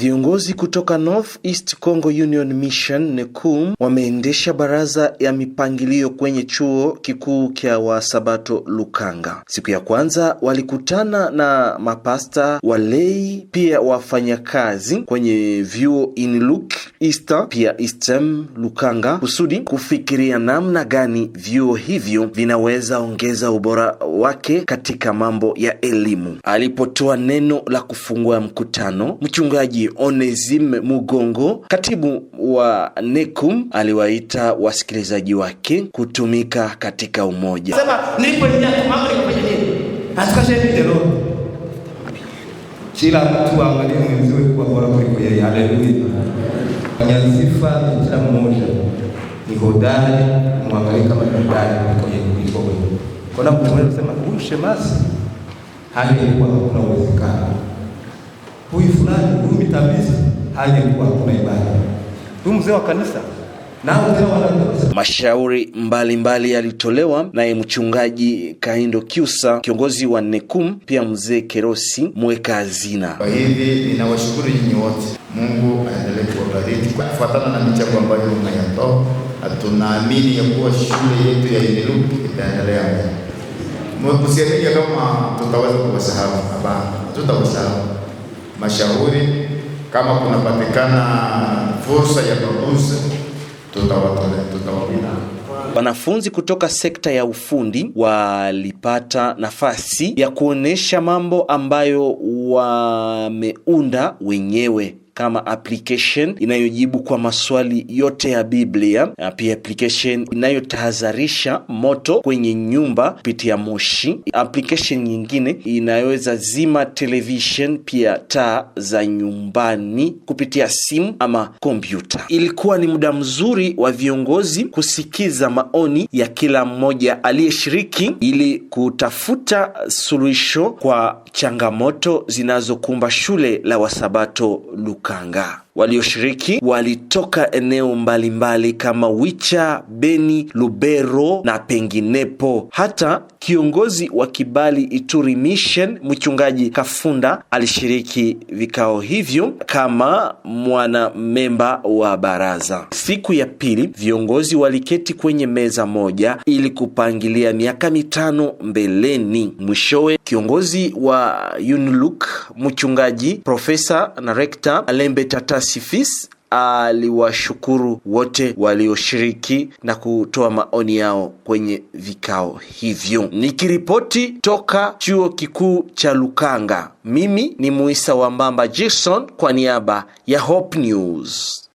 Viongozi kutoka North East Congo Union Mission NECUM wameendesha baraza ya mipangilio kwenye chuo kikuu kya Wasabato Lukanga. Siku ya kwanza walikutana na mapasta walei, pia wafanyakazi kwenye vyuo inluk Easter pia Eastem Lukanga, kusudi kufikiria namna gani vyuo hivyo vinaweza ongeza ubora wake katika mambo ya elimu. Alipotoa neno la kufungua mkutano mchungaji Bi Onesime Mugongo, katibu wa NECUM, aliwaita wasikilizaji wake kutumika katika umoja. Kila mtu aangalie mwenziwe kuwa bora kuliko yeye. Haleluya! Kwa sifa ni kila mmoja, ni hodari, mwangalie kama ni hodari kuliko wewe. Kuna mtu mmoja anasema huyu shemasi hali ilikuwa hakuna uwezekano huyu fulani, huyu mitabizi, hali kuwa ibada. Huyu mzee wa kanisa Mashauri mbalimbali yalitolewa naye mchungaji Kahindo Kyusa, kiongozi wa nekum pia mzee Kerosi mweka hazina. Kwa hivi ninawashukuru nyinyi wote, Mungu aendelee kuwabariki kufuatana na michango ambayo mnayotoa, na tunaamini ya kuwa shule yetu ya Ineluki itaendelea mbele. Msiamini kama tutaweza kuwasahau, hapana, tutawasahau mashauri. Kama kunapatikana fursa ya mafunzo, tutawatolea tutawapina Wanafunzi kutoka sekta ya ufundi walipata nafasi ya kuonesha mambo ambayo wameunda wenyewe kama application inayojibu kwa maswali yote ya Biblia, na pia application inayotahadharisha moto kwenye nyumba kupitia moshi. Application nyingine inayoweza zima television, pia taa za nyumbani kupitia simu ama kompyuta. Ilikuwa ni muda mzuri wa viongozi kusikiza maoni ya kila mmoja aliyeshiriki ili kutafuta suluhisho kwa changamoto zinazokumba shule la Wasabato Luka. 感が Walioshiriki walitoka eneo mbalimbali mbali kama Wicha, Beni, Lubero na penginepo. Hata kiongozi wa Kibali Ituri Mission mchungaji Kafunda alishiriki vikao hivyo kama mwana memba wa baraza. Siku ya pili viongozi waliketi kwenye meza moja ili kupangilia miaka mitano mbeleni. Mwishowe kiongozi wa UNLUK mchungaji profesa na rekta Alembe Tata Wasifis aliwashukuru wote walioshiriki na kutoa maoni yao kwenye vikao hivyo. Nikiripoti toka chuo kikuu cha Lukanga, mimi ni Muisa wa mbamba Jason kwa niaba ya Hope News.